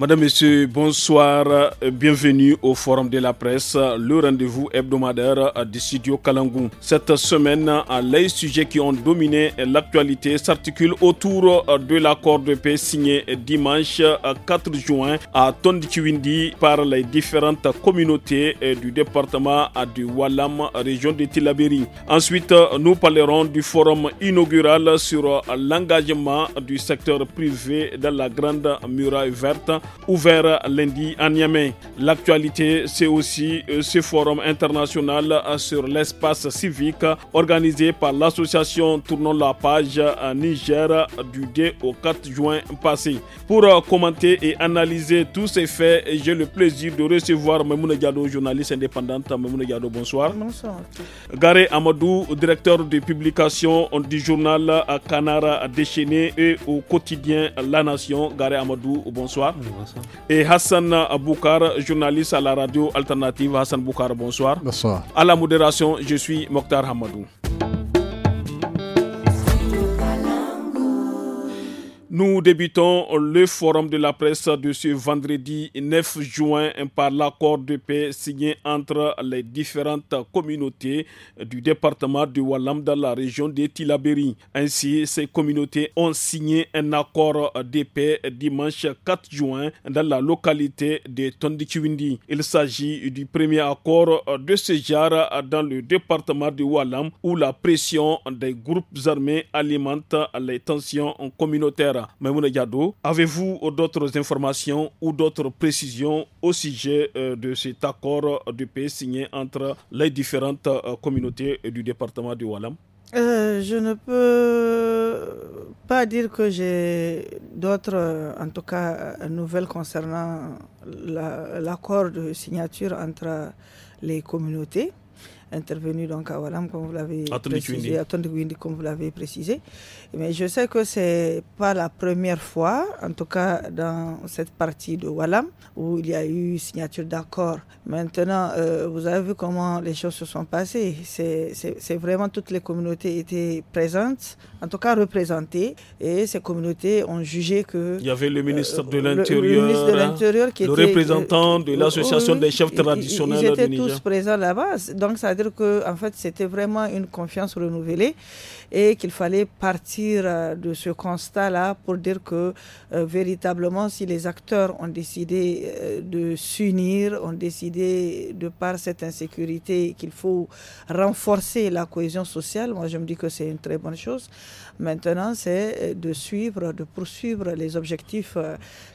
Madame, Monsieur, bonsoir. Euh, bienvenue au Forum de la presse, le rendez-vous hebdomadaire euh, du studio Kalangou. Cette semaine, euh, les sujets qui ont dominé l'actualité s'articulent autour de l'accord de paix signé dimanche 4 juin à Tondikiwindi par les différentes communautés du département du Walam, région de Tilaberi. Ensuite, nous parlerons du forum inaugural sur l'engagement du secteur privé dans la Grande Muraille Verte ouvert lundi à Niamey. L'actualité, c'est aussi euh, ce forum international euh, sur l'espace civique organisé par l'association Tournons la page à euh, Niger du 2 au 4 juin passé. Pour commenter et analyser tous ces faits, j'ai le plaisir de recevoir Memouna Diado, journaliste indépendante. bonsoir. Bonsoir. Garé Amadou, directeur de publication du journal Canara déchaîné et au quotidien La Nation. Garé Amadou, bonsoir. Bonsoir. Et Hassan Boukar, journaliste à la radio alternative. Hassan Boukar, bonsoir. Bonsoir. À la modération, je suis Mokhtar Hamadou. Nous débutons le forum de la presse de ce vendredi 9 juin par l'accord de paix signé entre les différentes communautés du département de Wallam dans la région de Tilaberi. Ainsi, ces communautés ont signé un accord de paix dimanche 4 juin dans la localité de Tondikwindi. Il s'agit du premier accord de ce genre dans le département de Wallam où la pression des groupes armés alimente les tensions communautaires. Mme avez-vous d'autres informations ou d'autres précisions au sujet euh, de cet accord de paix signé entre les différentes euh, communautés du département du Wallam euh, je ne peux pas dire que j'ai d'autres, en tout cas, nouvelles concernant l'accord de signature entre les communautés intervenu donc à Walam, comme vous l'avez précisé, à comme vous l'avez précisé. Mais je sais que c'est pas la première fois, en tout cas dans cette partie de Walam, où il y a eu signature d'accord. Maintenant, euh, vous avez vu comment les choses se sont passées. C'est vraiment toutes les communautés étaient présentes, en tout cas représentées, et ces communautés ont jugé que. Il y avait le euh, ministre de l'Intérieur, le, représentant euh, de l'association des chefs traditionnels. Ils, ils étaient tous présents là-bas, donc ça c'est-à-dire que, en fait, c'était vraiment une confiance renouvelée et qu'il fallait partir euh, de ce constat-là pour dire que euh, véritablement, si les acteurs ont décidé euh, de s'unir, ont décidé de par cette insécurité qu'il faut renforcer la cohésion sociale, moi je me dis que c'est une très bonne chose. Maintenant, c'est de suivre, de poursuivre les objectifs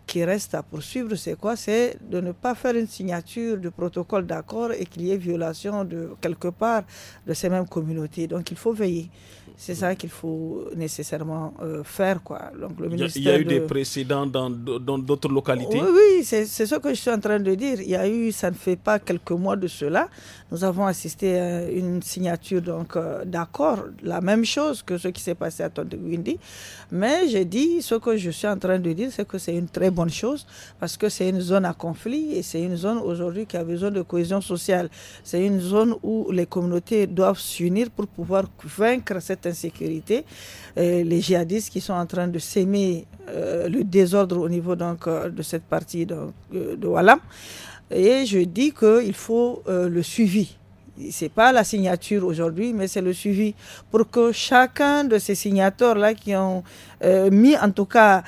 qui reste à poursuivre, c'est quoi C'est de ne pas faire une signature de protocole d'accord et qu'il y ait violation de quelque part de ces mêmes communautés. Donc il faut veiller. C'est ça qu'il faut nécessairement euh, faire. Quoi. Donc, le ministère il y a eu des précédents dans d'autres localités Oui, oui c'est ce que je suis en train de dire. Il y a eu, ça ne fait pas quelques mois de cela, nous avons assisté à une signature euh, d'accord, la même chose que ce qui s'est passé à Tondeguindi. Mais j'ai dit, ce que je suis en train de dire, c'est que c'est une très bonne chose parce que c'est une zone à conflit et c'est une zone aujourd'hui qui a besoin de cohésion sociale. C'est une zone où les communautés doivent s'unir pour pouvoir vaincre cette insécurité, euh, les djihadistes qui sont en train de s'aimer euh, le désordre au niveau donc, euh, de cette partie de, de Walam. Et je dis qu'il faut le suivi. Ce n'est pas la signature aujourd'hui, mais c'est le suivi pour que chacun de ces signateurs-là qui ont mis en tout cas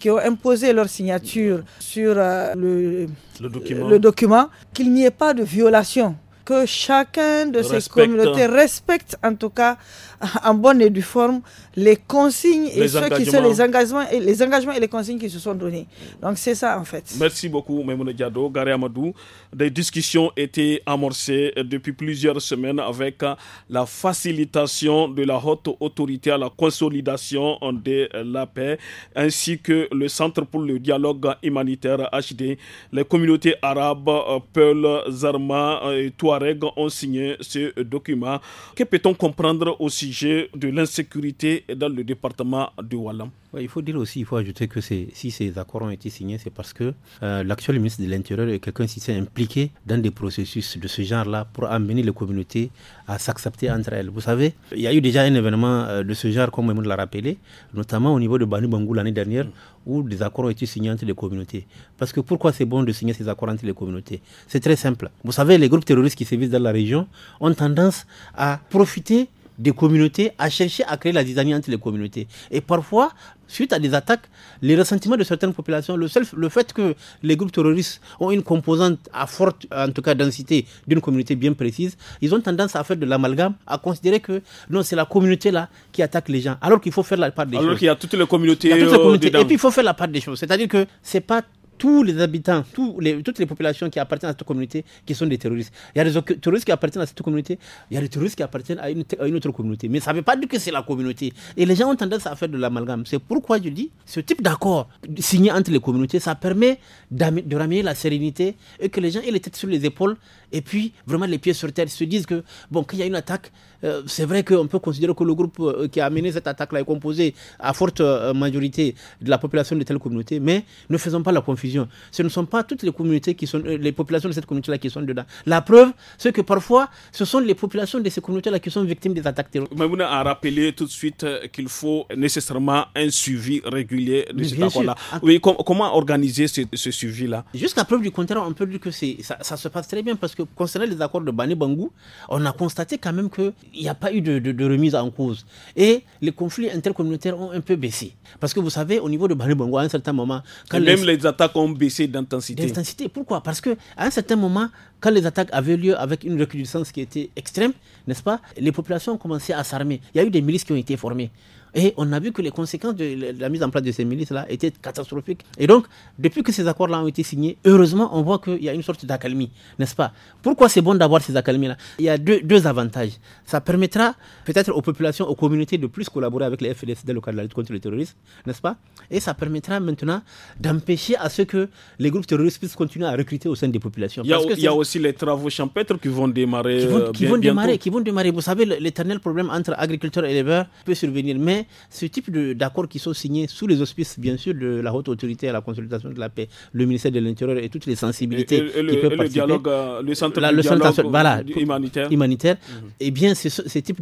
qui ont imposé leur signature sur le, le document qu'il n'y ait pas de violation que chacun de ces communautés hein. respecte en tout cas en bonne et due forme les consignes et ceux qui sont les engagements et les engagements et les consignes qui se sont donnés. Donc c'est ça en fait. Merci beaucoup Memoune Diado, Gary Amadou. Des discussions étaient amorcées depuis plusieurs semaines avec la facilitation de la haute autorité à la consolidation de la paix ainsi que le Centre pour le dialogue humanitaire HD, les communautés arabes, Peul, Zarma et toi Touaregs ont signé ce document. Que peut-on comprendre au sujet de l'insécurité dans le département de Wallam il faut dire aussi, il faut ajouter que si ces accords ont été signés, c'est parce que euh, l'actuel ministre de l'Intérieur est quelqu'un qui s'est impliqué dans des processus de ce genre-là pour amener les communautés à s'accepter entre elles. Vous savez, il y a eu déjà un événement euh, de ce genre, comme on l'a rappelé, notamment au niveau de Banu Bangou l'année dernière, mm. où des accords ont été signés entre les communautés. Parce que pourquoi c'est bon de signer ces accords entre les communautés C'est très simple. Vous savez, les groupes terroristes qui sévissent dans la région ont tendance à profiter des communautés, à chercher à créer la dynamique entre les communautés. Et parfois, suite à des attaques, les ressentiments de certaines populations, le, fait que les groupes terroristes ont une composante à forte, en tout cas, densité d'une communauté bien précise, ils ont tendance à faire de l'amalgame, à considérer que non, c'est la communauté là qui attaque les gens, alors qu'il faut faire la part des choses. Alors qu'il y a toutes les communautés. Il toutes les euh, communautés. et puis il faut faire la part des choses. C'est-à-dire que c'est pas tous les habitants, toutes les populations qui appartiennent à cette communauté qui sont des terroristes. Il y a des terroristes qui appartiennent à cette communauté, il y a des terroristes qui appartiennent à une, autre communauté. Mais ça ne veut pas dire que c'est la communauté. Et les gens ont tendance à faire de l'amalgame. C'est pourquoi je dis, ce type d'accord signé entre les communautés, ça permet de ramener la sérénité et que les gens aient les têtes sur les épaules et puis vraiment les pieds sur terre. Ils se disent que, bon, qu'il y a une attaque, euh, c'est vrai qu'on peut considérer que le groupe euh, qui a mené cette attaque-là est composé à forte euh, majorité de la population de telle communauté, mais ne faisons pas la confusion ce ne sont pas toutes les communautés qui sont, euh, les populations de cette communauté-là qui sont dedans. La preuve, c'est que parfois, ce sont les populations de ces communautés-là qui sont victimes des attaques terroristes. Mamouna a rappelé tout de suite euh, qu'il faut nécessairement un suivi régulier de cet accord-là. Oui, comment organiser ce, suivi-là Jusqu'à preuve du contraire, on peut dire que ça, ça se passe très bien parce que concernant les accords de Bani-Bangou, on a constaté quand même qu'il n'y a pas eu de, remise en cause. Et les conflits intercommunautaires ont un peu baissé. Parce que vous savez, au niveau de Bani-Bangou, à un certain moment... Quand même les attaques ont baissé d'intensité. D'intensité, pourquoi Parce qu'à un certain moment, quand les attaques avaient lieu avec une recrudescence qui était extrême, n'est-ce pas Les populations ont commencé à s'armer. Il y a eu des milices qui ont été formées. Et on a vu que les conséquences de la mise en place de ces milices-là étaient catastrophiques. Et donc, depuis que ces accords-là ont été signés, heureusement, on voit qu'il y a une sorte d'accalmie, n'est-ce pas Pourquoi c'est bon d'avoir ces accalmies-là Il y a deux, deux avantages. Ça permettra peut-être aux populations, aux communautés de plus collaborer avec les FLSD, le cadre de la lutte contre le terrorisme, n'est-ce pas Et ça permettra maintenant d'empêcher à ce que les groupes terroristes puissent continuer à recruter au sein des populations. Il y a, Parce y a aussi les travaux champêtres qui vont démarrer. Qui vont, euh, démarrer, qui vont démarrer. Vous savez, l'éternel problème entre agriculteurs et éleveurs peut survenir. Mais ce type d'accords qui sont signés sous les auspices, bien sûr, de la haute autorité à la consultation de la paix, le ministère de l'Intérieur et toutes les sensibilités qui peuvent participer. Euh, le dialogue, le centre, dialogue euh, humanitaire. humanitaire mhm. Eh bien, ce, type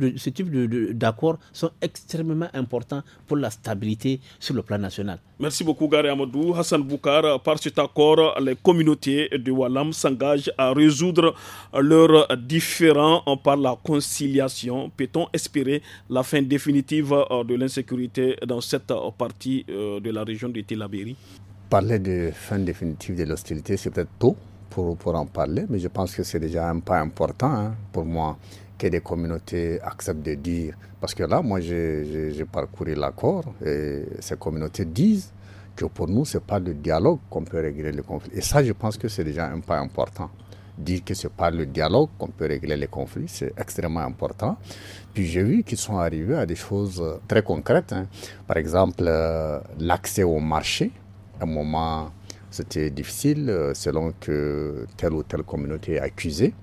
de, d'accords de, sont extrêmement importants pour la stabilité sur le plan national. Merci beaucoup, Gary Amadou. Hassan Boukar, par cet accord, les communautés de Walam s'engagent à résoudre leurs différends par la conciliation. Peut-on espérer la fin définitive euh, de de l'insécurité dans cette partie euh, de la région de Tilaberi Parler de fin définitive de l'hostilité, c'est peut-être tôt pour, pour, en parler, mais je pense que c'est déjà un pas important hein, pour moi que des communautés acceptent de dire. Parce que là, moi, j'ai parcouru l'accord et ces communautés disent que pour nous, ce n'est pas le dialogue qu'on peut régler le conflit. Et ça, je pense que c'est déjà un pas important dire que c'est par le dialogue qu'on peut régler les conflits, c'est extrêmement important. Puis j'ai vu qu'ils sont arrivés à des choses euh, très concrètes. Hein. Par exemple, euh, l'accès au marché. À un moment, c'était difficile euh, selon que telle ou telle communauté est accusée.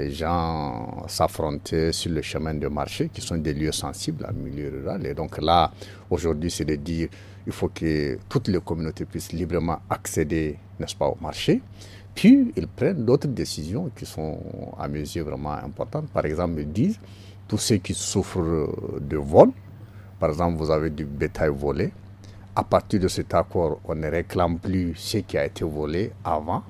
les gens s'affrontaient sur le chemin de marché, qui sont des lieux sensibles à milieu rural. Et donc là, aujourd'hui, c'est de dire il faut que toutes les communautés puissent librement accéder, n'est-ce pas, au marché. Puis, ils prennent d'autres décisions qui sont à mesure vraiment importantes. Par exemple, ils disent, tous ceux qui souffrent de vol, par exemple, vous avez du bétail volé, à partir de cet accord, on ne réclame plus ce qui a été volé avant,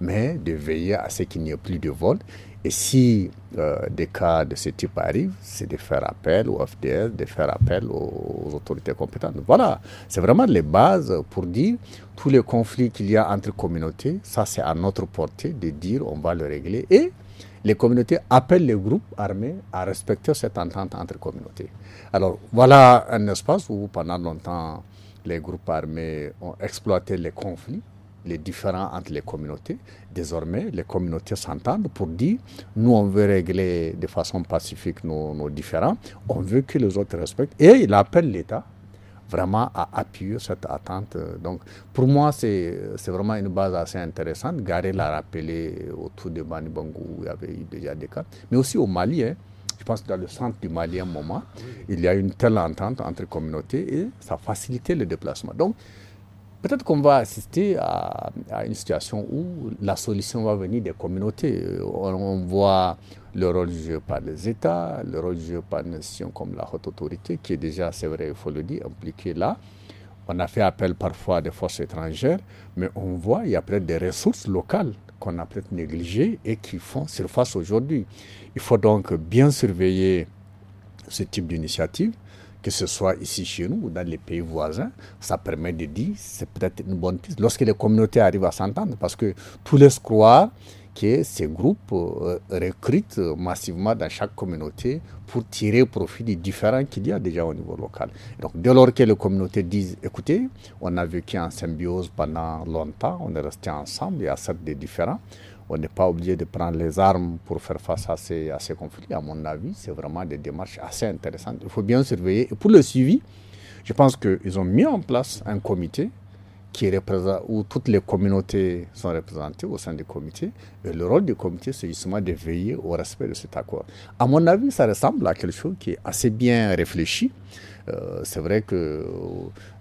mais de veiller à ce qu'il n'y ait plus de vol et si euh, des cas de ce type arrivent, c'est de faire appel au FDS, de faire appel aux, aux autorités compétentes. Voilà, c'est vraiment les bases pour dire tous les conflits qu'il y a entre communautés, ça c'est à notre portée de dire on va le régler. Et les communautés appellent les groupes armés à respecter cette entente entre communautés. Alors voilà un espace où pendant longtemps les groupes armés ont exploité les conflits les différends entre les communautés. Désormais, les communautés s'entendent pour dire, nous, on veut régler de façon pacifique nos, différends, on veut que les autres respectent. Et il appelle l'État vraiment à appuyer cette attente. Donc, pour moi, c'est vraiment une base assez intéressante. Garé l'a rappelé autour de Bani Bongo, où il y avait déjà des cas, mais aussi au Mali. Hein. je pense que dans le centre du Mali, à un moment, il y a une telle entente entre communautés et ça facilitait le déplacement. Donc, Peut-être qu'on va assister à, une situation où la solution va venir des communautés. On, voit le rôle joué par les États, le rôle joué par les nations comme la haute autorité, qui est déjà, c'est vrai, il faut le dire, impliquée là. On a fait appel parfois à des forces étrangères, mais on voit qu'il y a peut-être des ressources locales qu'on a peut-être négligées et qui font surface aujourd'hui. Il faut donc bien surveiller ce type d'initiative que ce soit ici chez nous ou dans les pays voisins, ça permet de dire c'est peut-être une bonne piste. Lorsque les communautés arrivent à s'entendre, parce que tout laisse croire que ces groupes euh, recrutent massivement dans chaque communauté pour tirer profit des différents qu'il y a déjà au niveau local. Donc dès lors que les communautés disent, écoutez, on a vécu en symbiose pendant longtemps, on est resté ensemble, il y a certes des différents, on n'est pas obligé de prendre les armes pour faire face à ces, conflits. À mon avis, c'est vraiment des démarches assez intéressantes. Il faut bien surveiller. pour le suivi, je pense qu'ils ont mis en place un comité qui où toutes les communautés sont représentées au sein du comité. le rôle du comité, c'est justement de veiller au respect de cet accord. À mon avis, ça ressemble à quelque chose qui est assez bien réfléchi. Euh, c'est vrai que euh,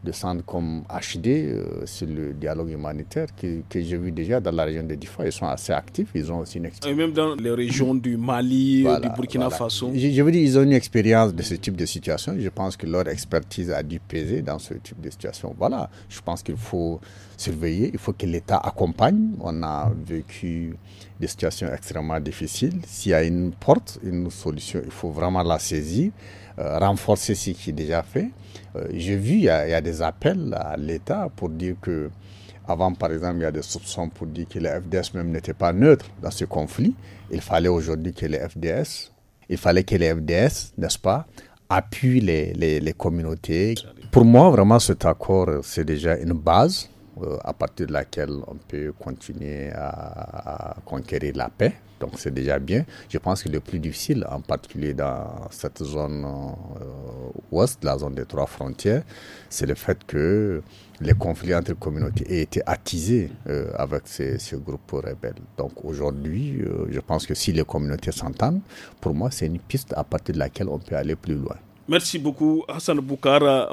des centres comme HD, euh, sur le dialogue humanitaire, que, j'ai vu déjà dans la région de Difa, ils sont assez actifs. Ils ont aussi une expérience. Et même dans les régions du Mali, du Burkina Faso. Je, je, veux dire, ils ont une expérience de ce type de situation. Je pense que leur expertise a dû peser dans ce type de situation. Voilà, je pense qu'il faut surveiller, il faut que l'État accompagne. On a vécu des situations extrêmement difficiles. S'il y a une porte, une solution, il faut vraiment la saisir, euh, renforcer ce qui est déjà fait. Euh, j'ai vu, il y, a, il y, a, des appels à l'État pour dire que, avant par exemple, il y a des soupçons pour dire que les FDS même n'était pas neutre dans ce conflit. Il fallait aujourd'hui que les FDS, il fallait que les FDS, n'est-ce pas, appuie les, les, communautés. Pour moi, vraiment, cet accord, c'est déjà une base euh, à partir de laquelle on peut continuer à, conquérir la paix. Donc c'est déjà bien. Je pense que le plus difficile, en particulier dans cette zone euh, ouest, la zone des trois frontières, c'est le fait que les conflits entre communautés aient été attisés euh, avec ces, ce groupe rebelle. Donc aujourd'hui, euh, je pense que si les communautés s'entendent, pour moi, c'est une piste à partir de laquelle on peut aller plus loin. Merci beaucoup Hassan Boukar,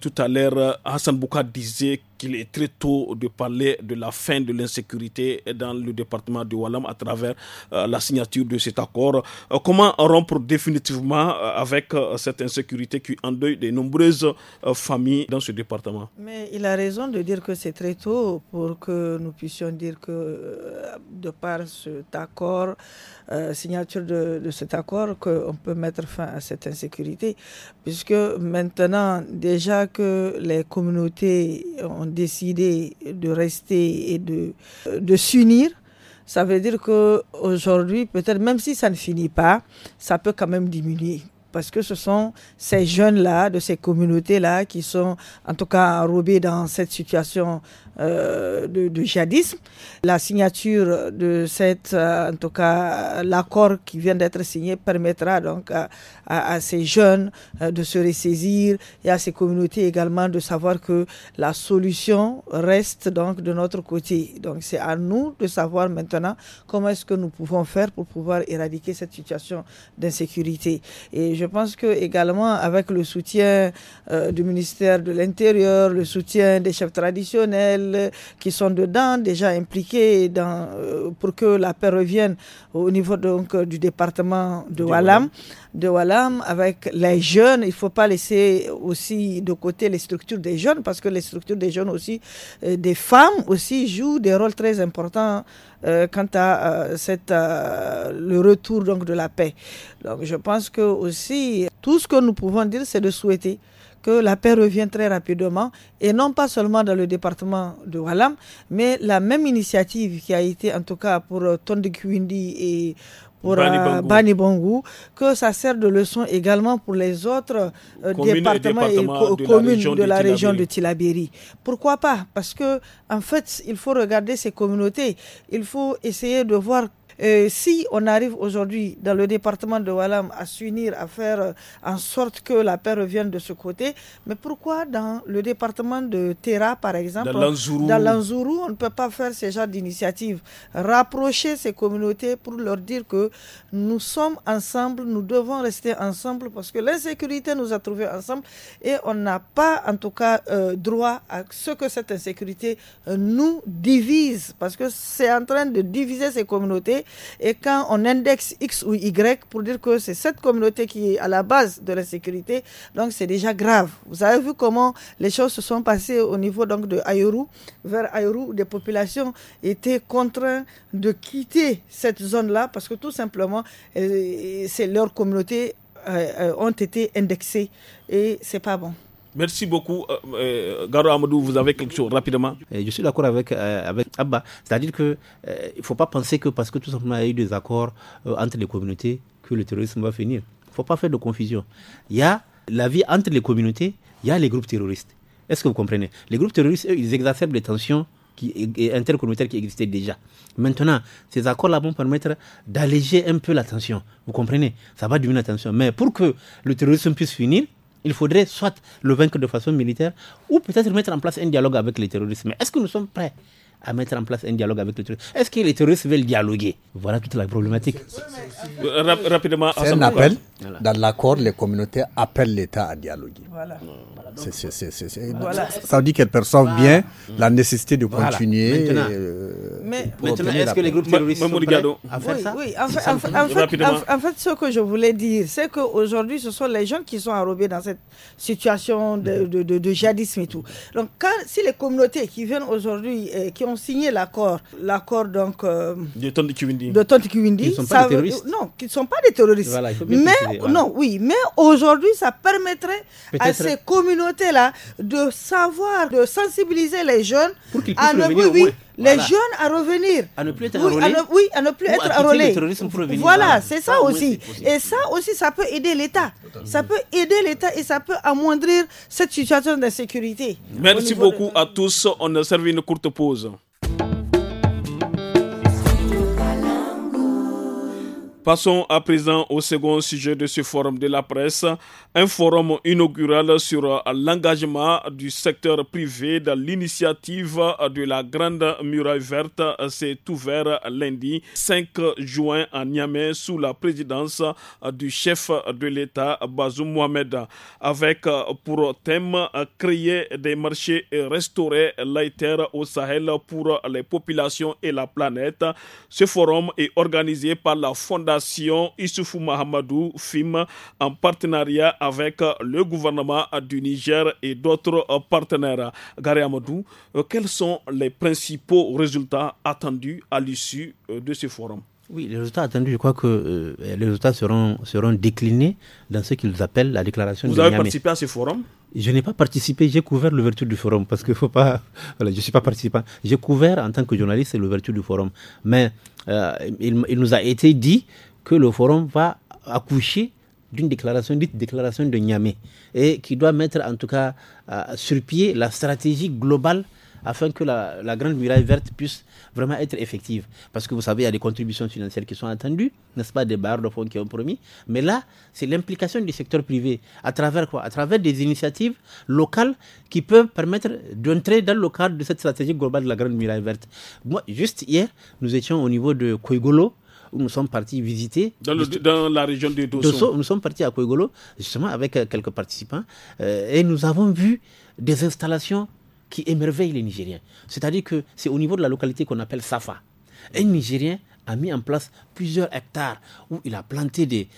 Tout à l'heure, Hassan Boukar disait qu'il est très tôt de parler de la fin de l'insécurité dans le département de Wallam à travers euh, la signature de cet accord. Euh, comment rompre définitivement euh, avec cette insécurité qui endeuille de nombreuses familles dans ce département Mais il a raison de dire que c'est très tôt pour que nous puissions dire que de par cet accord, signature de, de, cet accord, qu'on peut mettre fin à cette insécurité, puisque maintenant déjà que les communautés ont décidé de rester et de, de s'unir, ça veut dire qu'aujourd'hui, peut-être même si ça ne finit pas, ça peut quand même diminuer. Parce que ce sont ces jeunes-là, de ces communautés-là, qui sont en tout cas enrobés dans cette situation euh, de, de, djihadisme. La signature de cette, euh, en tout cas, l'accord qui vient d'être signé permettra donc à, ces jeunes euh, de se ressaisir et à ces communautés également de savoir que la solution reste donc de notre côté. Donc c'est à nous de savoir maintenant comment est-ce que nous pouvons faire pour pouvoir éradiquer cette situation d'insécurité. Et je pense que également avec le soutien du ministère de l'Intérieur, le soutien des chefs traditionnels, euh, qui sont dedans, déjà impliqués dans, euh, pour que la paix revienne au niveau donc euh, du département de Walam, de avec les jeunes. Il ne faut pas laisser aussi de côté les structures des jeunes parce que les structures des jeunes aussi, des femmes aussi jouent des rôles très importants quant à cette, le retour donc de la paix. Donc je pense que aussi tout ce que nous pouvons dire, c'est de souhaiter que la paix revient très rapidement, et non pas seulement dans le département de Walam, mais la même initiative qui a été en tout cas pour euh, Tondikwindi et pour Bani euh, Bangu, que ça sert de leçon également pour les autres euh, départements et, communes de la région de Tilabiri. Pourquoi pas Parce que en fait, il faut regarder ces communautés, il faut essayer de voir si on arrive aujourd'hui dans le département de Walam à s'unir, à faire euh, en sorte que la paix revienne de ce côté, mais pourquoi dans le département de Terra, par exemple, dans l'Anzourou, on ne peut pas faire ce genre d'initiative Rapprocher ces communautés pour leur dire que nous sommes ensemble, nous devons rester ensemble parce que l'insécurité nous a trouvés ensemble et on n'a pas en tout cas euh, droit à ce que cette insécurité euh, nous divise parce que c'est en train de diviser ces communautés et quand on indexe X ou Y pour dire que c'est cette communauté qui est à la base de la sécurité, donc c'est déjà grave. Vous avez vu comment les choses se sont passées au niveau donc de Aïrou. vers Ayuru, où des populations étaient contraintes de quitter cette zone-là parce que tout simplement, euh, c'est leur communauté euh, euh, ont été indexées et c'est pas bon. Merci beaucoup, euh, euh, Garo Amadou. Vous avez quelque chose rapidement Je suis d'accord avec, euh, avec Abba. C'est-à-dire qu'il ne faut pas penser que parce que tout simplement il y a eu des accords entre les communautés que le terrorisme va finir. Il ne faut pas faire de confusion. Il y a la vie entre les communautés, il y a les groupes terroristes. Est-ce que vous comprenez Les groupes terroristes, eux, ils exacerbent les tensions qui, intercommunautaires qui existaient déjà. Maintenant, ces accords-là vont permettre d'alléger un peu la tension. Vous comprenez Ça va diminuer la tension. Mais pour que le terrorisme puisse finir, il faudrait soit le vaincre de façon militaire ou peut-être mettre en place un dialogue avec les terroristes. Mais est-ce que nous sommes prêts à mettre en place un dialogue avec les terroristes. Est-ce que les terroristes veulent dialoguer Voilà toute la problématique. Euh, rapidement, c'est un appel. Dans l'accord, les communautés appellent l'État à dialoguer. Voilà. Ça dit dire qu'elles perçoivent bien la nécessité de continuer. Euh, mais est-ce que les groupes terroristes sont prêts faire ça Oui, en fait, ce que je voulais dire, c'est qu'aujourd'hui, ce sont les gens qui sont enrobés dans cette situation de, de, de, et tout. Donc, quand, si les communautés qui viennent aujourd'hui, euh, qui ont signé l'accord, l'accord donc euh, de sont pas des terroristes. non, qui ne sont pas des terroristes, mais non, oui, mais aujourd'hui, ça permettrait à ces communautés-là de savoir, de sensibiliser les jeunes pour qu'ils à les jeunes à revenir. À ne plus être oui, à ne, plus être enrôlés. Voilà, c'est ça, aussi. et ça aussi, ça peut aider l'État. Ça peut aider l'État et ça peut amoindrir cette situation d'insécurité. Merci beaucoup à tous. On a servi une courte pause. Passons à présent au second sujet de ce forum de la presse, un forum inaugural sur l'engagement du secteur privé dans l'initiative de la Grande Muraille Verte s'est ouvert lundi 5 juin à Niamey sous la présidence du chef de l'État Bazoum Mohamed avec pour thème créer des marchés et restaurer la terre au Sahel pour les populations et la planète. Ce forum est organisé par la Fondation Sion, Issoufou Mahamadou FIM en partenariat avec le gouvernement du Niger et d'autres partenaires. Gary Amadou, euh, quels sont les principaux résultats attendus à l'issue euh, de ce forum oui, les résultats attendus, je crois que euh, les résultats seront, seront déclinés dans ce qu'ils appellent la déclaration Vous Vous avez participé à ce forum Je n'ai pas participé, j'ai couvert l'ouverture du forum parce que faut pas, je ne suis pas participant. J'ai couvert en tant que journaliste l'ouverture du forum. Mais il, nous a été dit que le forum va accoucher d'une déclaration dite déclaration de Niamey, et qui doit mettre en tout cas euh, sur pied la stratégie globale afin que la, Grande Muraille verte puisse vraiment être effective. Parce que vous savez, il y a des contributions financières qui sont attendues, n'est-ce pas, des barres de fonds qui ont promis. Mais là, c'est l'implication du secteur privé. À travers quoi À travers des initiatives locales qui peuvent permettre d'entrer dans le cadre de cette stratégie globale de la Grande Muraille verte. Moi, juste hier, nous étions au niveau de Kouigolo, où nous sommes partis visiter. Dans, la région de Dosso. Nous sommes partis à Koigolo, justement, avec euh, quelques participants. Euh, et nous avons vu des installations qui émerveillent les Nigériens. C'est-à-dire que c'est au niveau de la localité qu'on appelle Safa. Un Nigérien a mis en place plusieurs hectares où il a planté des,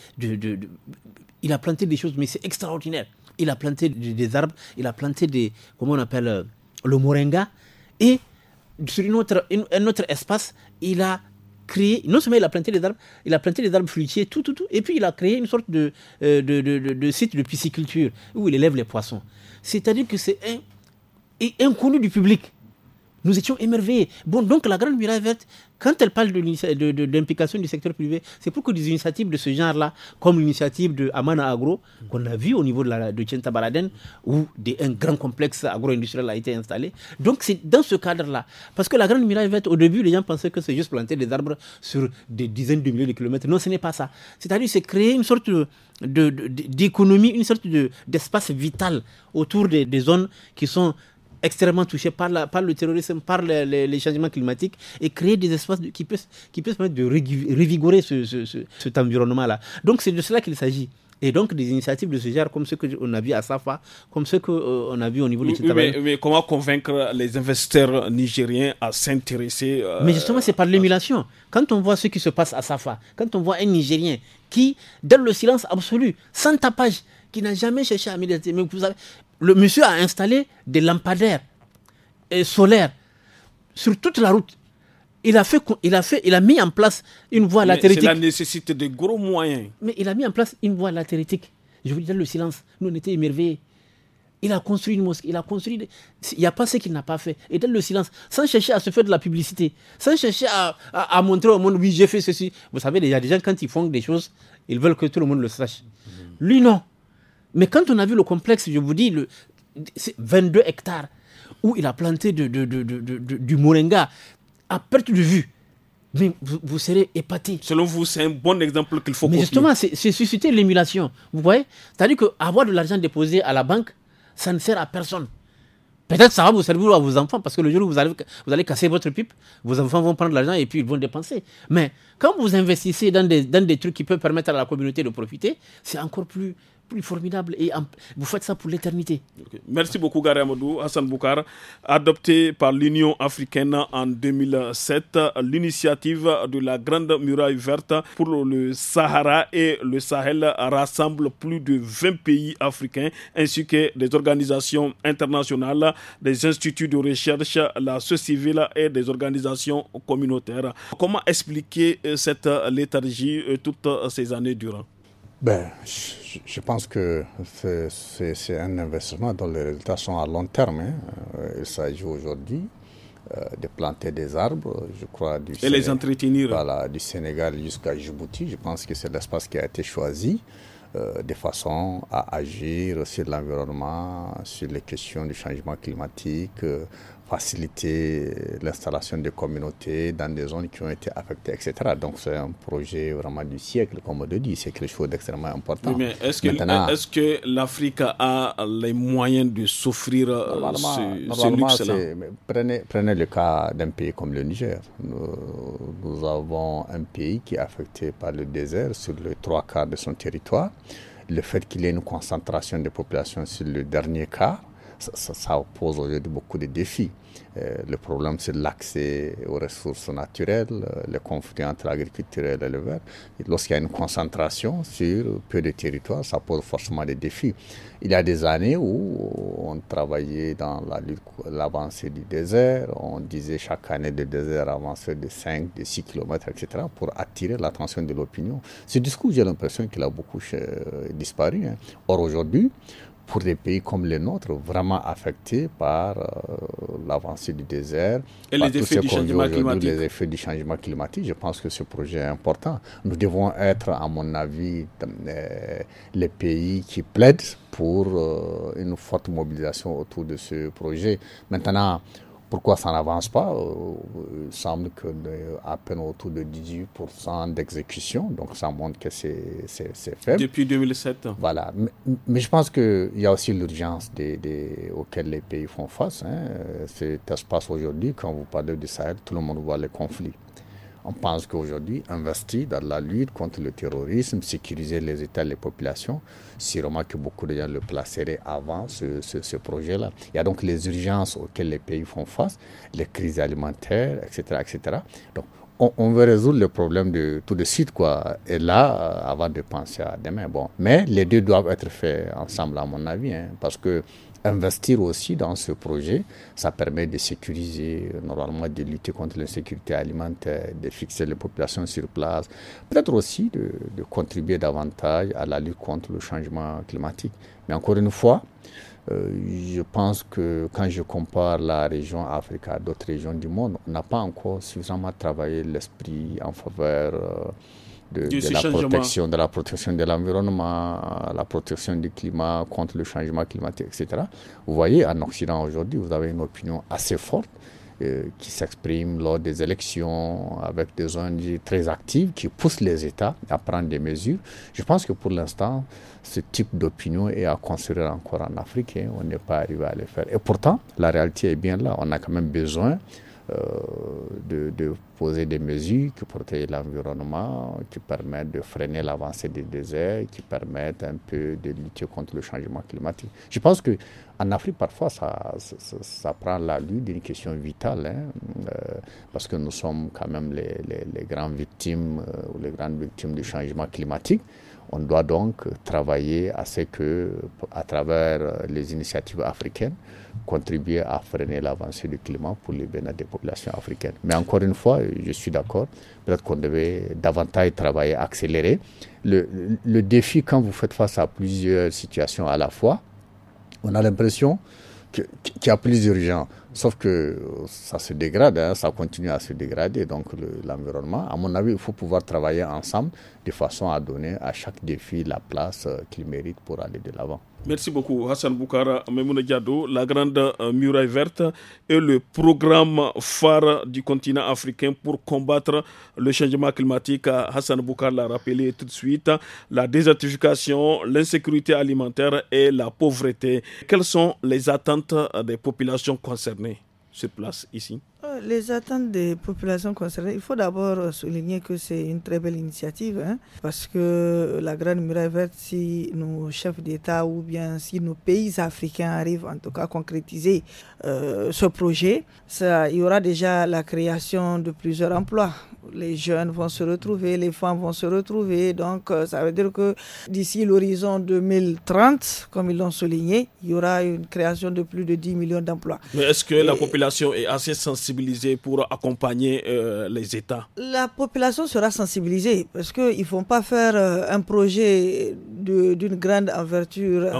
il a planté des choses, mais c'est extraordinaire. Il a planté des, arbres, il a planté des, comment on appelle, euh, le moringa. Et sur une un autre espace, il a non seulement il a planté des arbres, il a planté des arbres fruitiers, tout, tout, tout. Et puis il a créé une sorte de, euh, site de pisciculture où il élève les poissons. C'est-à-dire que c'est un, inconnu du public. Nous étions émerveillés. Bon, donc la Grande Muraille Verte, quand elle parle de du secteur privé, c'est pour que des initiatives de ce genre-là, comme l'initiative de Amana Agro, qu'on a vu au niveau de, la, Baladen, où un grand complexe agro-industriel a été installé. Donc c'est dans ce cadre-là. Parce que la Grande Muraille Verte, au début, les gens pensaient que c'est juste planter des arbres sur des dizaines de milliers de kilomètres. Non, ce n'est pas ça. C'est-à-dire c'est créer une sorte d'économie, une sorte d'espace vital autour des zones qui sont extrêmement touchés par, la, le terrorisme, par les, changements climatiques, et créer des espaces qui, peuvent, qui permettre de revigorer cet environnement-là. Donc c'est de cela qu'il s'agit. Et donc des initiatives de ce genre, comme ce qu'on a vu à Safa, comme ce qu'on euh, a vu au niveau de Chitaba. Mais, comment convaincre les investisseurs nigériens à s'intéresser euh, Mais justement, c'est par l'émulation. Quand on voit ce qui se passe à Safa, quand on voit un Nigérien qui, donne le silence absolu, sans tapage, qui n'a jamais cherché à militer, mais vous savez, le monsieur a installé des lampadaires euh, solaires sur toute la route. Il a, fait, il, a fait, il a mis en place une voie latéritique. Cela nécessité de gros moyens. Mais il a mis en place une voie latéritique. Je vous disais le silence. Nous, on était émerveillés. Il a construit une mosquée, il a construit. Il n'y a pas ce qu'il n'a pas fait. Et dans le silence, sans chercher à se faire de la publicité, sans chercher à, à montrer au monde, oui, j'ai fait ceci. Vous savez, il y a des gens, quand ils font des choses, ils veulent que tout le monde le sache. Lui, non. Mais quand on a vu le complexe, je vous dis, le, 22 hectares où il a planté du moringa à perte de vue. vous, serez épaté. Selon vous, c'est un bon exemple qu'il faut Mais justement, c'est susciter l'émulation. Vous voyez C'est-à-dire qu'avoir de l'argent déposé à la banque, ça ne sert à personne. Peut-être ça va vous servir à vos enfants, parce que le jour où vous allez, vous allez casser votre pipe, vos enfants vont prendre l'argent et puis ils vont dépenser. Mais quand vous investissez dans des, dans des trucs qui peuvent permettre à la communauté de profiter, c'est encore plus plus formidable et vous faites ça pour l'éternité. Merci beaucoup Gary Amadou. Hassan Boukar, adopté par l'Union africaine en 2007, l'initiative de la Grande Muraille Verte pour le Sahara et le Sahel rassemble plus de 20 pays africains ainsi que des organisations internationales, des instituts de recherche, la société civile et des organisations communautaires. Comment expliquer euh, cette léthargie euh, toutes ces années durant ben, je, pense que c'est un investissement dont les résultats sont à long terme. Hein. Euh, il s'agit aujourd'hui euh, de planter des arbres, je crois. Du Sénégal, jusqu'à Djibouti. Je pense que c'est l'espace qui a été choisi euh, de façon à agir sur l'environnement, sur les questions du changement climatique, faciliter euh, l'installation de communautés dans des zones qui ont été affectées, etc. Donc c'est un projet vraiment du siècle, comme on le dit, c'est quelque chose d'extrêmement important. mais est-ce que, est que l'Afrique a les moyens de souffrir euh, ce, luxe-là prenez, prenez, le cas d'un pays comme le Niger. Nous, avons un pays qui est affecté par le désert sur les trois quarts de son territoire. Le fait qu'il y ait une concentration de population sur le dernier quart, ça, ça, ça, pose aujourd'hui beaucoup de défis. Euh, le problème, c'est l'accès aux ressources naturelles, euh, le conflit entre l'agriculture et l'éleveur. Lorsqu'il y a une concentration sur peu de territoires, ça pose forcément des défis. Il y a des années où on travaillait dans l'avancée du désert. On disait chaque année le désert avançait de 5, de 6 km, etc., pour attirer l'attention de l'opinion. Ce discours, j'ai l'impression qu'il a beaucoup euh, disparu. Hein. Or, aujourd'hui, pour des pays comme les nôtres, vraiment affectés par euh, l'avancée du désert, et par les effets du changement climatique. Les effets du changement climatique. Je pense que ce projet est important. Nous devons être, à mon avis, les pays qui plaident pour euh, une forte mobilisation autour de ce projet. Maintenant, pourquoi ça n'avance pas euh, Il semble que à peine autour de 18% d'exécution, donc ça montre que c'est faible. Depuis 2007. Voilà. Mais, je pense qu'il y a aussi l'urgence des, auxquelles les pays font face. qui se passe aujourd'hui, quand vous parlez du Sahel, tout le monde voit les conflits. On pense qu'aujourd'hui, investir dans la lutte contre le terrorisme, sécuriser les États, et les populations, sûrement que beaucoup de gens le placeraient avant ce, projet-là. Il y a donc les urgences auxquelles les pays font face, les crises alimentaires, etc. etc. Donc, on, veut résoudre le problème de, tout de suite, quoi. Et là, euh, avant de penser à demain, bon. Mais les deux doivent être faits ensemble, à mon avis, hein, parce que investir aussi dans ce projet. Ça permet de sécuriser, euh, normalement de lutter contre l'insécurité alimentaire, de fixer les populations sur place, peut-être aussi de, contribuer davantage à la lutte contre le changement climatique. Mais encore une fois, euh, je pense que quand je compare la région Afrique à d'autres régions du monde, on n'a pas encore suffisamment travaillé l'esprit en faveur. Euh, de, la protection, de la protection de l'environnement, la protection du climat contre le changement climatique, etc. Vous voyez, en Occident aujourd'hui, vous avez une opinion assez forte euh, qui s'exprime lors des élections avec des ONG très actives qui poussent les États à prendre des mesures. Je pense que pour l'instant, ce type d'opinion est à construire encore en Afrique. Hein. On n'est pas arrivé à le faire. Et pourtant, la réalité est bien là. On a quand même besoin euh, de, poser des mesures qui protègent l'environnement, qui permettent de freiner l'avancée des déserts, qui permettent un peu de lutter contre le changement climatique. Je pense que en Afrique, parfois, ça, ça, la lutte d'une question vitale, hein. euh, parce que nous sommes quand même les, les, grandes victimes euh, ou les grandes victimes du changement climatique. On doit donc travailler à ce que, à travers les initiatives africaines, contribuer à freiner l'avancée du climat pour les bénéfices des populations africaines. Mais encore une fois, je suis d'accord, peut-être qu'on devait davantage travailler, accélérer. Le, défi, quand vous faites face à plusieurs situations à la fois, on a l'impression qu'il y a plus d'urgence. Sauf que euh, ça se dégrade, hein, ça continue à se dégrader, donc l'environnement. à mon avis, il faut pouvoir travailler ensemble de façon à donner à chaque défi la place euh, qu'il mérite pour aller de l'avant. Merci beaucoup Hassan Boukara Memouna La Grande euh, Muraille Verte est le programme phare du continent africain pour combattre le changement climatique. Hassan Boukara l'a rappelé tout de suite. La désertification, l'insécurité alimentaire et la pauvreté. Quelles sont les attentes des populations concernées se place ici euh, les attentes des populations concernées, il faut d'abord souligner que c'est une très belle initiative, hein, parce que la Grande Muraille verte, si nos chefs d'État ou bien si nos pays africains arrivent en tout cas à concrétiser euh, ce projet, il y aura déjà la création de plusieurs emplois. Les jeunes vont se retrouver, les femmes vont se retrouver, donc euh, ça veut dire que d'ici l'horizon 2030, comme ils l'ont souligné, il y aura une création de plus de 10 millions d'emplois. Mais est-ce que la population est assez sensible pour accompagner euh, les États La population sera sensibilisée parce qu'ils ne vont pas faire euh, un projet d'une grande euh,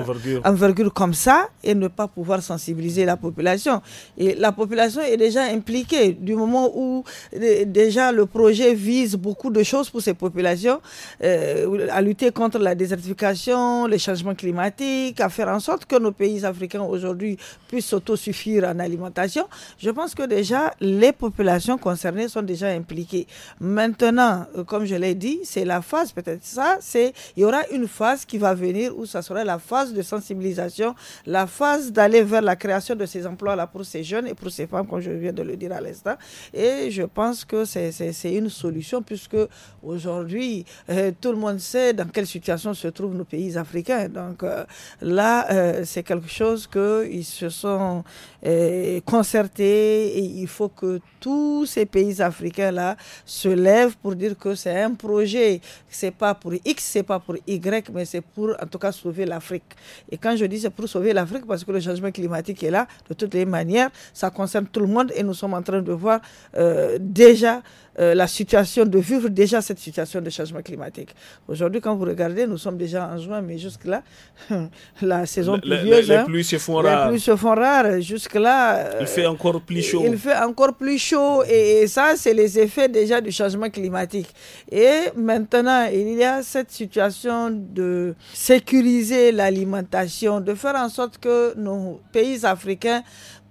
envergure, comme ça et ne pas pouvoir sensibiliser la population. Et la population est déjà impliquée du moment où déjà le projet vise beaucoup de choses pour ces populations, à lutter contre la désertification, les changements climatiques, à faire en sorte que nos pays africains aujourd'hui puissent s'autosuffire en alimentation. Je pense que déjà les populations concernées sont déjà impliquées. Maintenant, euh, comme je l'ai dit, c'est la phase, peut-être ça, c'est, il y aura une phase qui va venir où ça sera la phase de sensibilisation, la phase d'aller vers la création de ces emplois-là pour ces jeunes et pour ces femmes, comme je viens de le dire à l'instant. Et je pense que c'est une solution puisque aujourd'hui, euh, tout le monde sait dans quelle situation se trouvent nos pays africains. Donc euh, là, c'est quelque chose qu'ils se sont concertés et ils il faut que tous ces pays africains-là se lèvent pour dire que c'est un projet. C'est pas pour X, c'est pas pour Y, mais c'est pour, en tout cas, sauver l'Afrique. Et quand je dis c'est pour sauver l'Afrique, parce que le changement climatique est là, de toutes les manières, ça concerne tout le monde et nous sommes en train de voir euh, déjà euh, la situation, de vivre déjà cette situation de changement climatique. Aujourd'hui, quand vous regardez, nous sommes déjà en juin, mais jusque-là, la saison le, pluvieuse. les hein, pluies se font rares. Les pluies se font rares. Jusque-là. il fait euh, encore plus chaud. Il fait encore plus chaud. et ça, c'est les effets déjà du changement climatique. Et maintenant, il y a cette situation de sécuriser l'alimentation, de faire en sorte que nos pays africains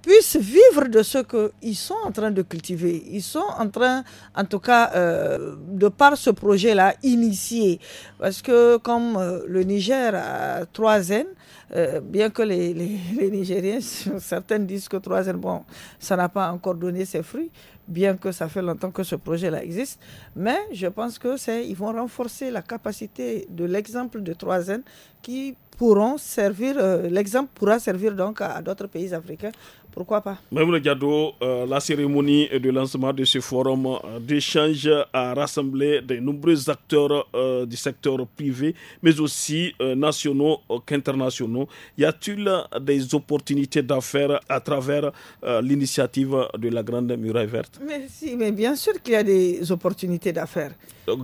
puissent vivre de ce qu'ils sont en train de cultiver. Ils sont en train, en tout cas, euh, de par ce projet-là, initié. Parce que comme euh, le Niger a trois N, euh, bien que les, Nigériens, certains disent que trois N, bon, ça n'a pas encore donné ses fruits, bien que ça fait longtemps que ce projet-là existe. Mais je pense que c'est, ils vont renforcer la capacité de l'exemple de trois N qui pourront servir, l'exemple pourra servir donc à d'autres pays africains pourquoi pas Mme Gado, euh, la cérémonie de lancement de ce forum euh, d'échange a rassemblé de nombreux acteurs euh, du secteur privé, mais aussi nationaux qu'internationaux. Y a-t-il des opportunités d'affaires à travers l'initiative de la Grande Muraille Verte mais, mais bien sûr qu'il y a des opportunités d'affaires.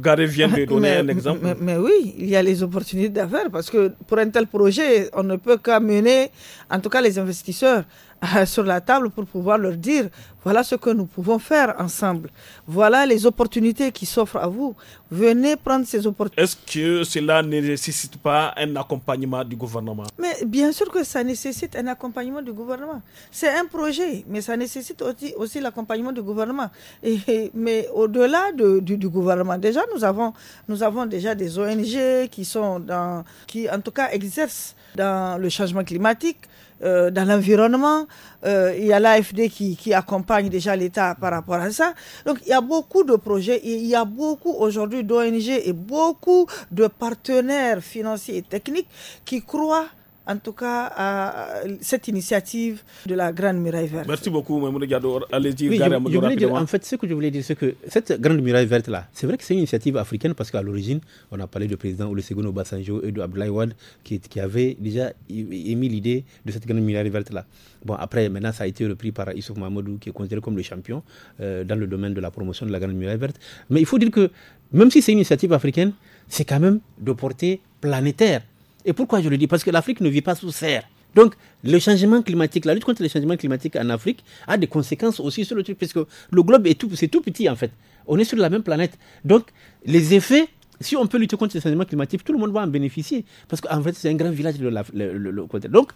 Gare, vient de donner un exemple. mais, oui, il y a les opportunités d'affaires parce que pour un tel projet, on ne peut qu'amener, en tout cas les investisseurs, euh, sur la table pour pouvoir leur dire voilà ce que nous pouvons faire ensemble. Voilà les opportunités qui s'offrent à vous. Venez prendre ces opportunités. Est-ce que cela ne nécessite pas un accompagnement du gouvernement Mais bien sûr que ça nécessite un accompagnement du gouvernement. C'est un projet, mais ça nécessite aussi, aussi l'accompagnement du gouvernement. Et, mais au-delà du, gouvernement, déjà nous avons, nous avons déjà des ONG qui sont dans, qui en tout cas exercent dans le changement climatique. Euh, dans l'environnement. Euh, il y a l'AFD qui, qui accompagne déjà l'État par rapport à ça. Donc il y a beaucoup de projets, et il y a beaucoup aujourd'hui d'ONG et beaucoup de partenaires financiers et techniques qui croient en tout cas à euh, cette initiative de la Grande Muraille Verte. Merci beaucoup, Mme Diado. Allez-y, oui, En fait, ce que je voulais dire, c'est que cette Grande Muraille Verte-là, c'est vrai que c'est une initiative africaine parce qu'à l'origine, on a parlé de président Olusegun Obasanjo et de Abdoulaye qui, qui avaient déjà émis l'idée de cette Grande Muraille Verte-là. Bon, après, maintenant, ça a été repris par Issouf Mamadou qui est considéré comme le champion euh, dans le domaine de la promotion de la Grande Muraille Verte. Mais il faut dire que même si c'est une initiative africaine, c'est quand même de portée planétaire. Et pourquoi je le dis Parce que l'Afrique ne vit pas sous serre. Donc, le changement climatique, la lutte contre le changement climatique en Afrique a des conséquences aussi sur le truc, parce que le globe est tout, c'est tout petit en fait. On est sur la même planète. Donc, les effets, si on peut lutter contre le changement climatique, tout le monde va en bénéficier, parce qu'en fait, c'est un grand village de l'Afrique. Donc,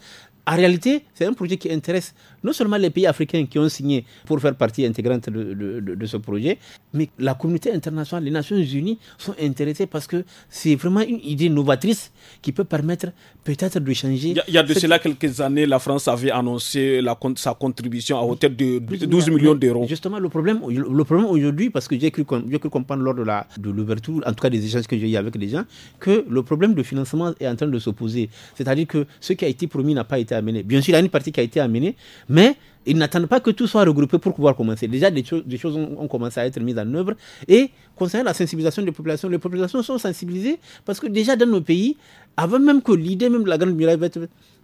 en réalité, c'est un projet qui intéresse non seulement les pays africains qui ont signé pour faire partie intégrante de, ce projet, mais la communauté internationale, les Nations Unies sont intéressées parce que c'est vraiment une idée novatrice qui peut permettre peut-être de changer. Il y, a, de cela quelques années, la France avait annoncé sa contribution à hauteur de 12 millions d'euros. Justement, le problème, le problème aujourd'hui, parce que j'ai cru, comprendre lors de de l'ouverture, en tout cas des échanges que j'ai eu avec les gens, que le problème de financement est en train de s'opposer. C'est-à-dire que ce qui a été promis n'a pas été Bien sûr, il y a une partie qui a été amenée, mais ils n'attendent pas que tout soit regroupé pour pouvoir commencer. Déjà, des, choses ont, commencé à être mises en œuvre. Et concernant la sensibilisation des populations, les populations sont sensibilisées parce que déjà dans nos pays, avant même que l'idée même de la Grande Muraille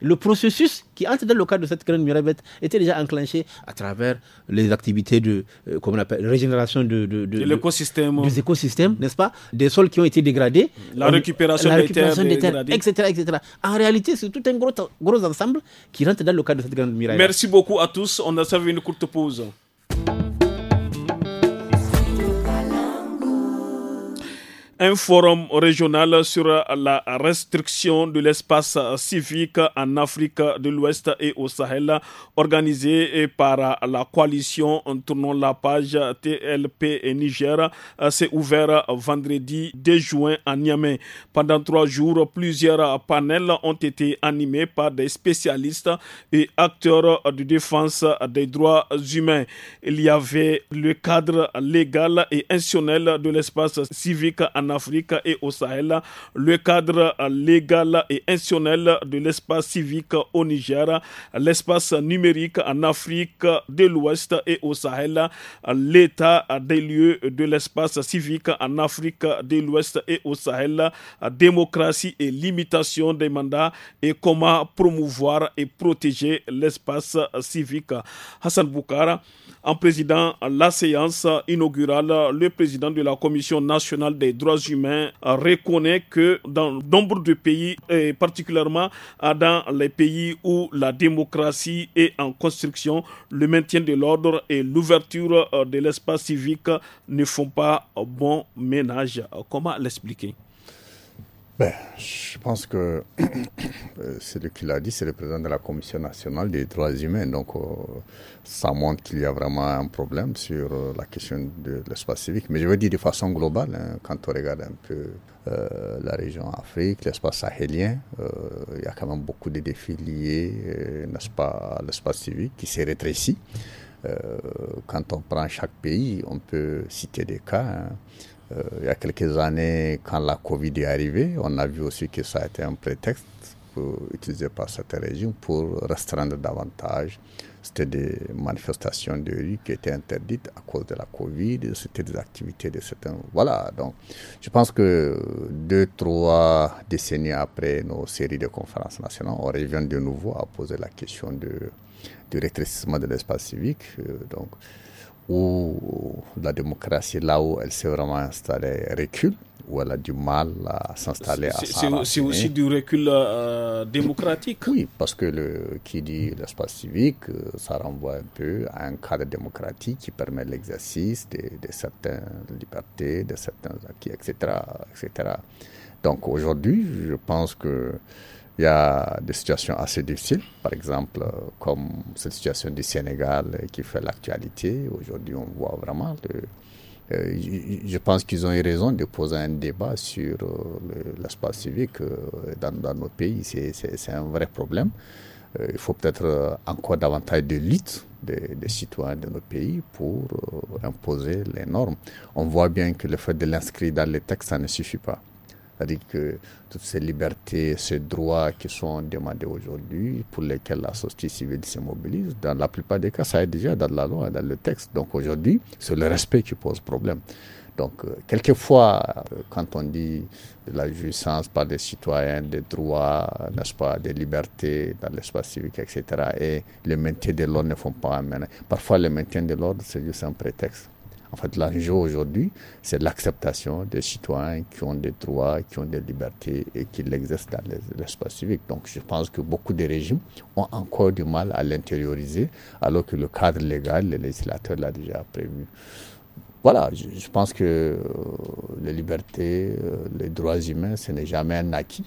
le processus qui entre dans le cadre de cette Grande Muraille était déjà enclenché à travers les activités de euh, régénération de, l'écosystème. des écosystèmes, n'est-ce pas Des sols qui ont été dégradés. La récupération, des, terres, etc., En réalité, c'est tout un gros, ensemble qui rentre dans le cadre de cette Grande Muraille Merci beaucoup à tous on a servi une courte pause. un forum régional sur la restriction de l'espace civique en Afrique de l'Ouest et au Sahel, organisé par la coalition en tournant la page TLP et Niger, s'est ouvert vendredi 2 juin à Niamey. Pendant trois jours, plusieurs panels ont été animés par des spécialistes et acteurs de défense des droits humains. Il y avait le cadre légal et institutionnel de l'espace civique en en Afrique et au Sahel, le cadre légal et institutionnel de l'espace civique au Niger, l'espace numérique en Afrique de l'Ouest et au Sahel, l'état des lieux de l'espace civique en Afrique de l'Ouest et au Sahel, démocratie et limitation des mandats et comment promouvoir et protéger l'espace civique. Hassan Boukara, en président la séance inaugurale, le président de la Commission nationale des droits humains euh, reconnaît que dans nombre de pays, et particulièrement euh, dans les pays où la démocratie est en construction, le maintien de l'ordre et l'ouverture euh, de l'espace civique ne font pas bon ménage. Comment l'expliquer ben, je pense que euh, celui qui l'a dit, c'est le président de la Commission nationale des droits humains. Donc, euh, ça montre qu'il y a vraiment un problème sur euh, la question de l'espace civique. Mais je veux dire de façon globale, hein, quand on regarde un peu la région Afrique, l'espace sahélien, il y a quand même beaucoup de défis liés, n'est-ce pas, à l'espace civique qui s'est rétréci. quand on prend chaque pays, on peut citer des cas. Hein. Euh, il y a quelques années, quand la Covid est arrivée, on a vu aussi que ça a été un prétexte pour, utilisé par certains régimes pour restreindre davantage. C'était des manifestations de rue qui étaient interdites à cause de la Covid, c'était des activités de certains. Voilà, donc je pense que deux, trois décennies après nos séries de conférences nationales, on revient de nouveau à poser la question du de, rétrécissement de l'espace civique. Euh, donc, où la démocratie, là où elle s'est vraiment installée, recule, où elle a du mal à s'installer. C'est aussi du recul euh, démocratique. Oui, parce que le, qui dit l'espace civique, euh, ça renvoie un peu à un cadre démocratique qui permet l'exercice de, de, certaines libertés, de certains acquis, etc. etc. Donc aujourd'hui, je pense que il y a des situations assez difficiles, par exemple, euh, comme cette situation du Sénégal euh, qui fait l'actualité. Aujourd'hui, on voit vraiment euh, je pense qu'ils ont eu raison de poser un débat sur l'espace civique dans, nos pays. C'est un vrai problème. il faut peut-être encore davantage de lutte des, des, citoyens de nos pays pour imposer les normes. On voit bien que le fait de l'inscrire dans les textes, ça ne suffit pas. C'est-à-dire que toutes ces libertés, ces droits qui sont demandés aujourd'hui, pour lesquels la société civile se mobilise, dans la plupart des cas, ça est déjà dans la loi, dans le texte. Donc aujourd'hui, c'est le respect qui pose problème. Donc, euh, quelquefois, euh, quand on dit la jouissance par des citoyens, des droits, n'est-ce pas, des libertés dans l'espace civique, etc., et le maintien de l'ordre ne font pas amener. Parfois, le maintien de l'ordre, c'est juste un prétexte. En fait, l'enjeu aujourd'hui, c'est l'acceptation des citoyens qui ont des droits, qui ont des libertés et qui l'exercent dans l'espace civique. Donc, je pense que beaucoup de régimes ont encore du mal à l'intérioriser, alors que le cadre légal, le législateur l'a déjà prévu voilà, je, pense que euh, les libertés, euh, les droits humains, ce n'est jamais un acquis.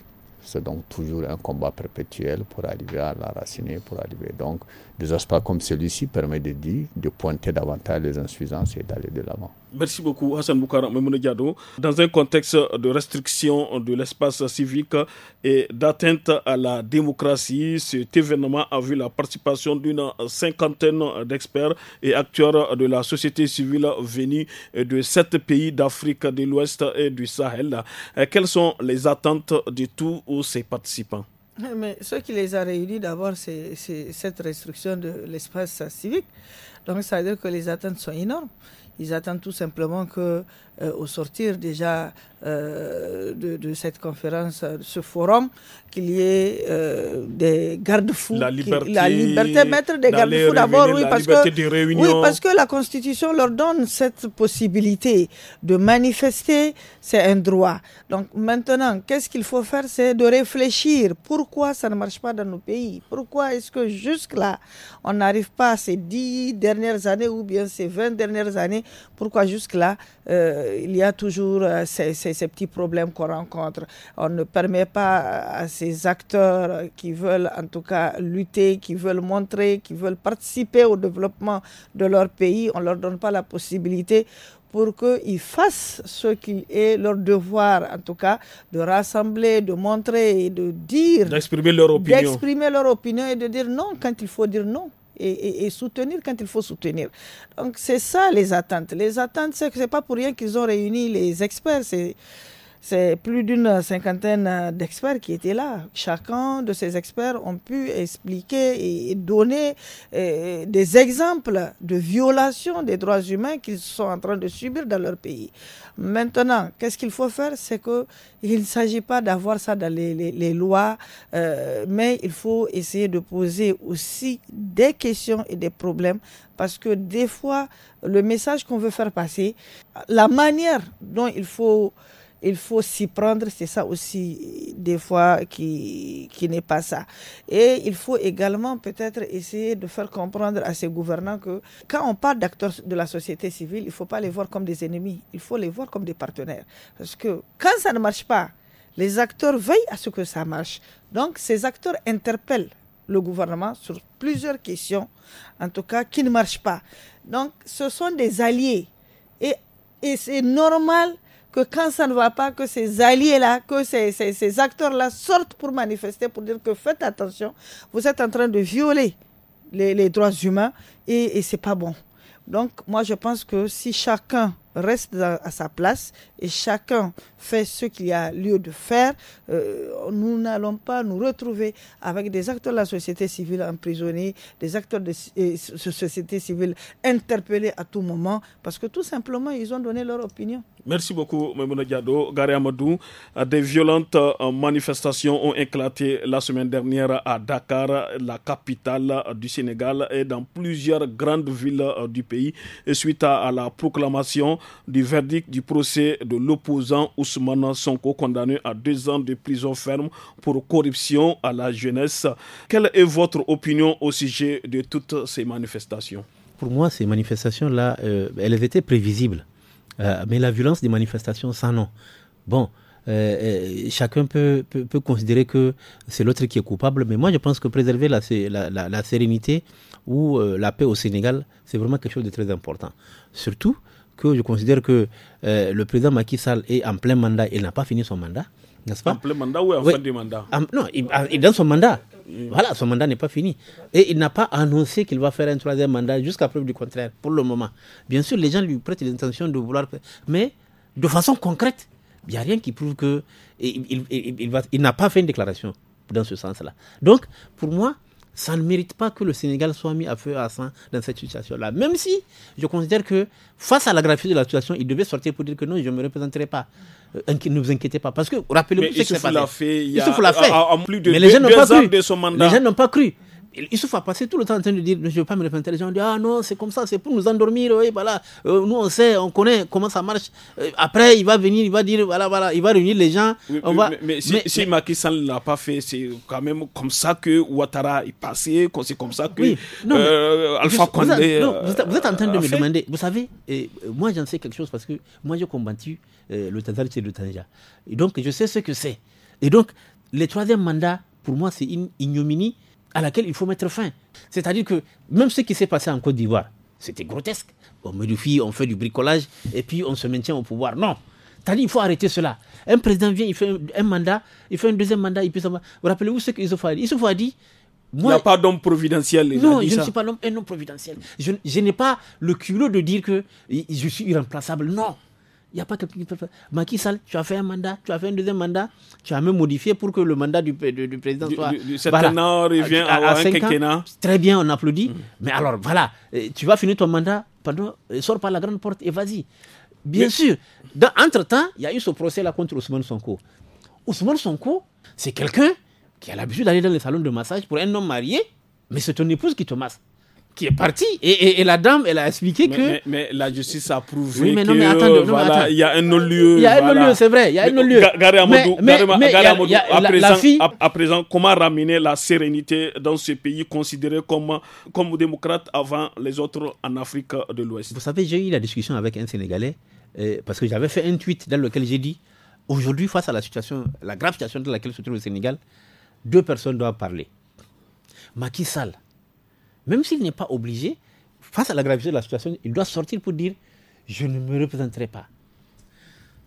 C'est donc toujours un combat perpétuel pour arriver à la raciner, pour arriver. Donc, des aspects comme celui-ci permettent de dire, de pointer davantage les insuffisances et d'aller de l'avant. Merci beaucoup, Hassan Boukara Diado. Dans un contexte de restriction de l'espace civique et d'atteinte à la démocratie, cet événement a vu la participation d'une cinquantaine d'experts et acteurs de la société civile venus de sept pays d'Afrique de l'Ouest et du Sahel. Quelles sont les attentes de tous ces ses participants ah, mais ce qui les a réunis d'abord, c'est cette restriction de l'espace civique. Donc, ça veut dire que les attentes sont énormes. Ils attendent tout simplement que euh, au sortir déjà euh, de, cette conférence, de euh, ce forum, qu'il y ait des garde-fous. La liberté. la liberté, mettre des garde-fous d'abord, oui, parce que, oui, parce que la Constitution leur donne cette possibilité de manifester, c'est un droit. Donc maintenant, qu'est-ce qu'il faut faire C'est de réfléchir pourquoi ça ne marche pas dans nos pays. Pourquoi est-ce que jusque-là, on n'arrive pas à ces dix dernières années ou bien ces vingt dernières années, pourquoi jusque-là, euh, il y a toujours euh, ces, petits problèmes qu'on rencontre. On ne permet pas euh, à ces acteurs qui veulent en tout cas lutter, qui veulent montrer, qui veulent participer au développement de leur pays, on ne leur donne pas la possibilité pour qu'ils fassent ce qui est leur devoir, en tout cas, de rassembler, de montrer et de dire. D'exprimer leur opinion. D'exprimer leur opinion et de dire non quand il faut dire non et, soutenir quand il faut soutenir. Donc c'est ça les attentes. Les attentes, c'est que c'est pas pour rien qu'ils ont réuni les experts. C'est c'est plus d'une euh, cinquantaine euh, d'experts qui étaient là. Chacun de ces experts ont pu expliquer et donner euh, des exemples de violations des droits humains qu'ils sont en train de subir dans leur pays. Maintenant, qu'est-ce qu'il faut faire C'est qu'il ne s'agit pas d'avoir ça dans les, lois, mais il faut essayer de poser aussi des questions et des problèmes parce que des fois, le message qu'on veut faire passer, la manière dont il faut il faut s'y prendre, c'est ça aussi des fois qui, qui n'est pas ça. Et il faut également peut-être essayer de faire comprendre à ces gouvernants que quand on parle d'acteurs de la société civile, il ne faut pas les voir comme des ennemis, il faut les voir comme des partenaires. Parce que quand ça ne marche pas, les acteurs veillent à ce que ça marche. Donc ces acteurs interpellent le gouvernement sur plusieurs questions, en tout cas qui ne marchent pas. Donc ce sont des alliés et, et c'est normal que quand ça ne va pas, que ces alliés-là, que ces, acteurs-là sortent pour manifester, pour dire que faites attention, vous êtes en train de violer les, droits humains et, et n'est pas bon. Donc, moi, je pense que si chacun reste à sa place et chacun fait ce qu'il y a lieu de faire, euh, nous n'allons pas nous retrouver avec des acteurs de la société civile emprisonnés, des acteurs de la société civile interpellés à tout moment, parce que tout simplement, ils ont donné leur opinion. Merci beaucoup, Mme Diado. Gary Amadou, des violentes euh, manifestations ont éclaté la semaine dernière à Dakar, la capitale du Sénégal, et dans plusieurs grandes villes euh, du pays, suite à la proclamation du verdict du procès de l'opposant Ousmane Sonko condamné à deux ans de prison ferme pour corruption à la jeunesse. Quelle est votre opinion au sujet de toutes ces manifestations Pour moi, ces manifestations-là, euh, elles étaient prévisibles. Euh, mais la violence des manifestations, ça non. Bon, euh, chacun peut, peut, considérer que c'est l'autre qui est coupable, mais moi je pense que préserver la, la, sérénité ou la paix au Sénégal, c'est vraiment quelque chose de très important. Surtout que je considère que euh, le président Macky Sall est en plein mandat. Il n'a pas fini son mandat, n'est-ce pas En plein mandat ou en fin du mandat Non, il, est dans son mandat. Voilà, son mandat n'est pas fini. Et il n'a pas annoncé qu'il va faire un troisième mandat jusqu'à preuve du contraire, pour le moment. Bien sûr, les gens lui prêtent l'intention de vouloir... Mais de façon concrète, il n'y a rien qui prouve que il n'a pas fait une déclaration dans ce sens-là. Donc, pour moi, ça ne mérite pas que le Sénégal soit mis à feu à sang dans cette situation-là. Même si je considère que face à la gravité de la situation, il devait sortir pour dire que non, je ne me représenterai pas. Euh, ne vous inquiétez pas. Parce que rappelez-vous ce qui s'est passé. Fait, il, En plus mais les gens n'ont pas cru. Les gens n'ont pas cru. Il se fait passer tout le temps en train de dire, je ne veux pas me répéter. Les gens disent, ah non, c'est comme ça, c'est pour nous endormir, voilà. Euh, nous, on sait, on connaît comment ça marche. Euh, après, il va venir, il va dire, voilà, voilà, il va réunir les gens. mais, si, Macky Sall ne l'a pas fait, c'est quand même comme ça que Ouattara est passé, c'est comme ça que euh, Alpha Condé. Vous, êtes, en train de me demander, vous savez, moi j'en sais quelque chose parce que moi j'ai combattu le Tazar et le Tanja. Et donc, je sais ce que c'est. Et donc, le troisième mandat, pour moi, c'est une ignominie à laquelle il faut mettre fin. C'est-à-dire que même ce qui s'est passé en Côte d'Ivoire, c'était grotesque. On modifie, on fait du bricolage et puis on se maintient au pouvoir. Non. C'est-à-dire qu'il faut arrêter cela. Un président vient, il fait un, mandat, il fait un deuxième mandat, il peut Vous rappelez-vous ce qu'Issoufou a dit a dit il n'y a pas d'homme providentiel. non, je ne suis pas un homme providentiel. je n'ai pas le culot de dire que je suis irremplaçable. Non. Il n'y a pas quelqu'un qui peut tu as fait un mandat, tu as fait un deuxième mandat, tu as même modifié pour que le mandat du, du, président soit. revient à, à, Très bien, on applaudit. Mm. Mais alors, voilà, euh, tu vas finir ton mandat, pardon, euh, sors par la grande porte et vas-y. Bien sûr. entre-temps, il y a eu ce procès-là contre Ousmane Sonko. Ousmane Sonko, c'est quelqu'un qui a l'habitude d'aller dans les salons de massage pour un homme marié, mais c'est ton épouse qui te masse qui est parti. Et, la dame, elle a expliqué que. Mais, la justice a prouvé. Oui, il y a un non-lieu. Il y a un non-lieu, c'est vrai, il y a un non-lieu. Gary Amadou, à, présent, comment ramener la sérénité dans ce pays considéré comme, comme démocrate avant les autres en Afrique de l'Ouest Vous savez, j'ai eu la discussion avec un Sénégalais, euh, parce que j'avais fait un tweet dans lequel j'ai dit aujourd'hui, face à la situation, la grave situation dans laquelle se trouve le Sénégal, deux personnes doivent parler. Macky Sall même s'il n'est pas obligé, face à la gravité de la situation, il doit sortir pour dire Je ne me représenterai pas.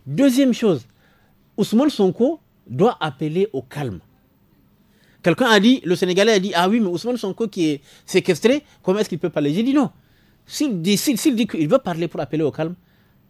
Deuxième chose, Ousmane Sonko doit appeler au calme. Quelqu'un a dit, le Sénégalais a dit Ah oui, mais Ousmane Sonko qui est séquestré, comment est-ce qu'il peut parler J'ai dit non. S'il dit, s'il dit qu'il veut parler pour appeler au calme,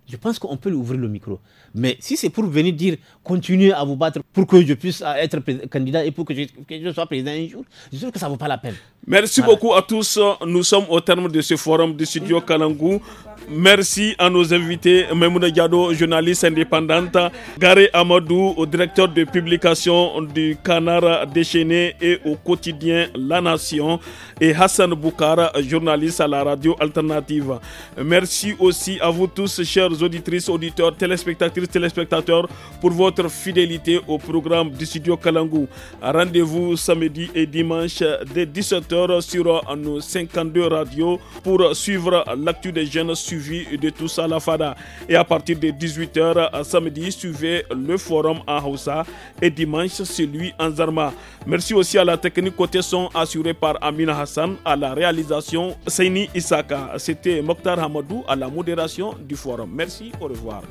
je pense qu'on peut lui ouvrir le micro. Mais si c'est pour venir dire, continuez à vous battre pour que je puisse euh, être candidat et pour que je, sois président un jour, je trouve que ça ne vaut pas la peine. Merci beaucoup à tous. Nous sommes au terme de ce forum de studio Kalangou. Merci à nos invités, Memouna Diado, journaliste indépendante, Garé Amadou, au directeur de publication du Canard déchaîné et au quotidien La Nation, et Hassan Boukara, journaliste à la radio alternative. Merci aussi à vous tous, chers auditrices, auditeurs, téléspectatrices, téléspectateurs, pour votre fidélité au programme du studio Kalangou. Rendez-vous samedi et dimanche dès 17h sur nos 52 radios pour suivre l'actu des jeunes suivis de tout à la FADA. Et à partir de 18h samedi, suivez le forum à Hausa et dimanche celui en Zarma. Merci aussi à la technique côté son assurée par Amina Hassan, à la réalisation Seini Isaka. C'était Mokhtar Hamadou à la modération du forum. Merci, au revoir.